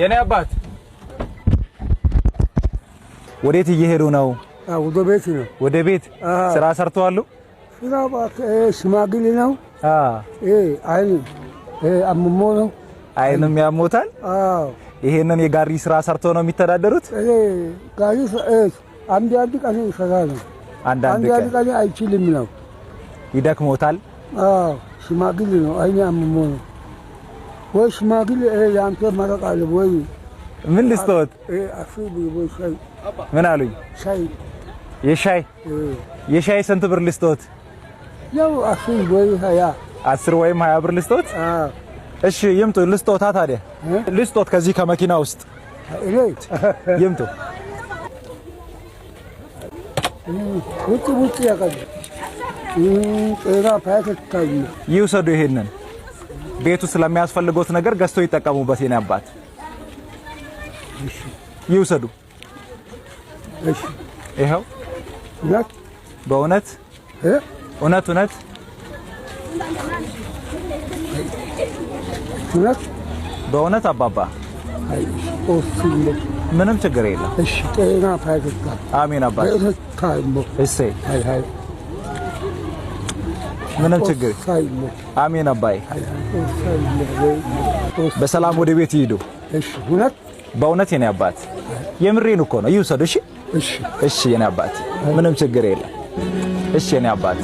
የኔ አባት ወዴት እየሄዱ ነው? ወደ ቤት ነው። ወደ ቤት ስራ ሰርተዋል። ስራ ሽማግሌ ነው። አይን አምሞ ነው። አይንም ያሞታል። ይሄንን የጋሪ ስራ ሰርቶ ነው የሚተዳደሩት። ጋሪ አንድ አንድ ቀን አንድ አንድ ቀን አይችልም ነው። ይደክሞታል አዎ ሽማግሌ ነው። አይኔ አምሞ ነው ወይ ሽማግሌ። የአንተ መረቅ አለ ወይ ምን ልስጥዎት? ምን አሉኝ? ሻይ የሻይ የሻይ ስንት ብር ልስጥዎት? ያው አስር ወይ ሀያ አስር ወይም ሀያ ብር ልስጥዎት? እሺ ይምጡ፣ ልስጥዎታ። ታዲያ ልስጥዎት ከዚህ ከመኪና ውስጥ ይምጡ። ውጭ ውጭ ያውቃል ይውሰዱ። ይሄንን ቤቱ ስለሚያስፈልጎት ነገር ገዝቶ ይጠቀሙበት። የኔ አባት ይውሰዱ። ይኸው በእውነት እውነት እውነት በእውነት አባባ ምንም ችግር የለም። አሜን አባ ምንም ችግር አሜን። አባዬ በሰላም ወደ ቤት ይሂዱ። በእውነት የኔ አባት የምሬን እኮ ነው። ይውሰዱ። እሺ፣ እሺ የኔ አባት ምንም ችግር የለም። እሺ የኔ አባት